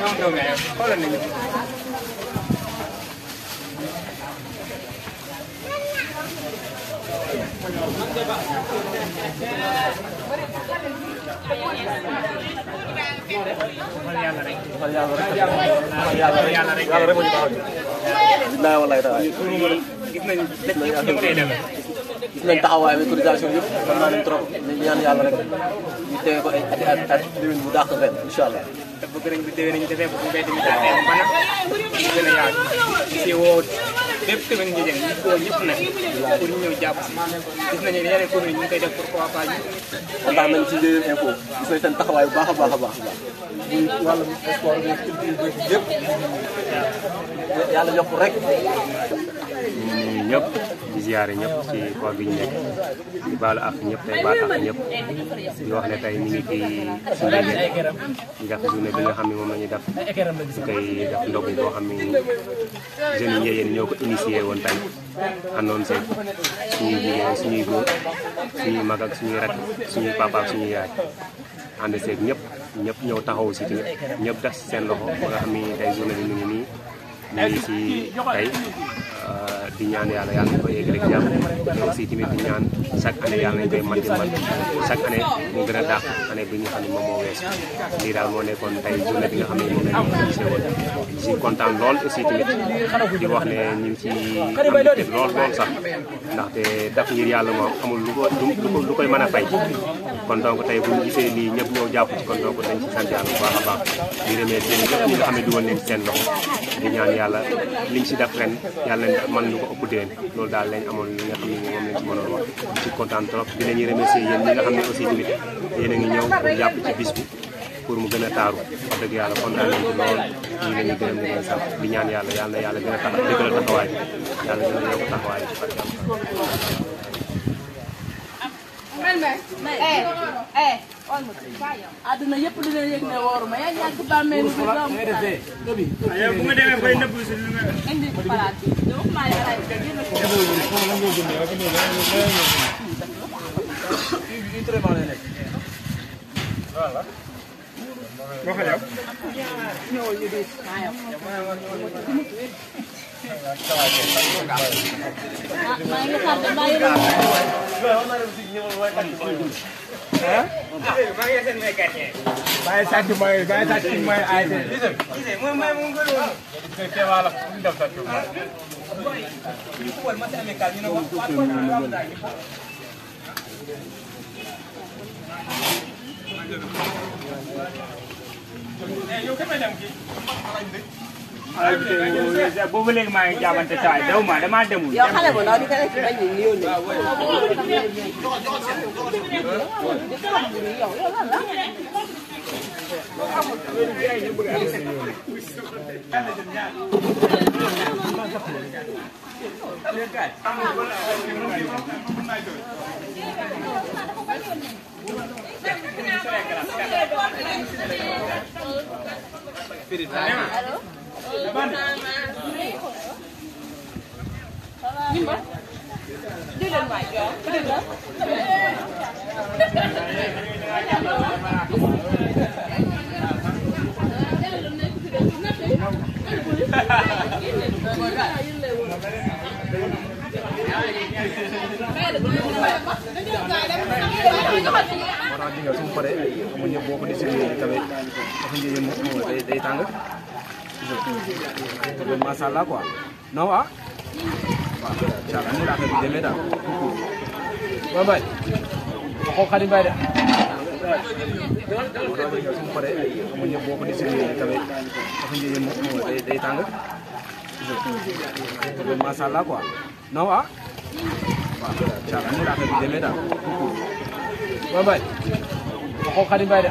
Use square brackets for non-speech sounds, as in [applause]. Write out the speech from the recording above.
không đường này có lần này Thank you. yàlla rek yàlla rek yàlla rek gis nañu gis nañu taxawaay bi cotisation yëpp mën naa leen trop ñaan yàlla rek ñu teewee ko ay at at at bu dàq ren incha allah te bëgg nañ bu déwénee ñu defee bu mbedd mi daa ba nag ñu a si woo bépp commune ñu jëm ñëpp woo ñëpp nag pour ñu ñëw jàpp si gis nañu ne yeneen commune ñu ngi koy def pour pourquoi pas ñu. kontaan nañu si Ndiéyeen Info gis nañu seen taxawaay baax a baax a baax. muy wàllum sport bi culture bi yëpp. yàlla yokk rek. ñu hmm, ñëpp di ziare ñëpp ci koor gi ñu di baalu ak ñëpp tey baal ak ñëpp di wax ne tey ñu ngi ci suñu nga mi def journée bi nga xam ne moom la ñu def su koy def ndogu boo xam ne jeunes yi ñoo ko initié woon tey àndoon seeg suñuy jigéen suñuy góor suñuy mag ak suñuy rak suñuy papa ak suñuy yaay ànd seeg ñëpp ñëpp ñëw taxaw si tamit ñëpp seen loxo nga xam ne tey journée ñu ngi nii. 哎，兄弟，兄弟。di ñaan yàlla yàlla nañ ko yegg jàmm si tamit di ñaan chaque année yàlla nañ koy man di man chaque année mu gën a dàq année bi nga xam ne moom moo weesu lii daal moo bi nga xam ne moom la ñu organisé woon si kontaan lool aussi tamit di wax ne ñu ngi ci am lool lool sax ndaxte daf ngir yàlla moom amul lu ko lu lu koy mën a fay kon donc tey bu ñu gisee lii ñëpp ñëw jàpp ci kon donc dañ ci sant yàlla bu baax baax di remercier ñëpp ñi nga xam ne dugal nañ seen loxo di ñaan liñ def ren man lu ko ëpp déwén loolu daal lañ amoon li nga xam ne moom lañ ci wax ci kontaan trop di leen remercier yéen nga xam ne aussi tamit yéen a ngi ñëw pour jàpp ci bis bi pour mu gën a taaru wax dëgg yàlla kontaan nañ ci ñu ngi leen di gërëm di leen sant di ñaan yàlla yàlla yàlla gën a taxaw dëggal taxawaay yàlla gën a taxawaay àdduna yëpp li leen yëg ne wóoruma yaa ngi ñàkk bàmmeelu bi doomu yow bu nga demee bay nëbb si li nga [laughs] indi palaat bi te waxuma ay ah, palaat bi génn ko voilà waxa yow ñëwal ñu di ayam maa ngi xaar de bàyyi la ah. bàyyi sàcc mooy bàyyi sàcc mooy ay de. yow bố bố lên mày chào bạn chạy đâu mà đã mát đâu mà. Hello. Nhưng mà Đưa lên ngoài cửa Đưa lên đó Orang tinggal sumpah deh, punya buah kondisi ini, tapi aku jadi mau, tapi dari tangga le masala quoi. Non, hein? Cakap mula ke dia meda. Bye bye. Kau kali bye. Orang yang sumpah deh, punya bawa di sini tapi apa dia mau dari dari tangga? Le masala quoi. Non, hein? Cakap mula ke dia meda. Bye bye. Kau kali bye.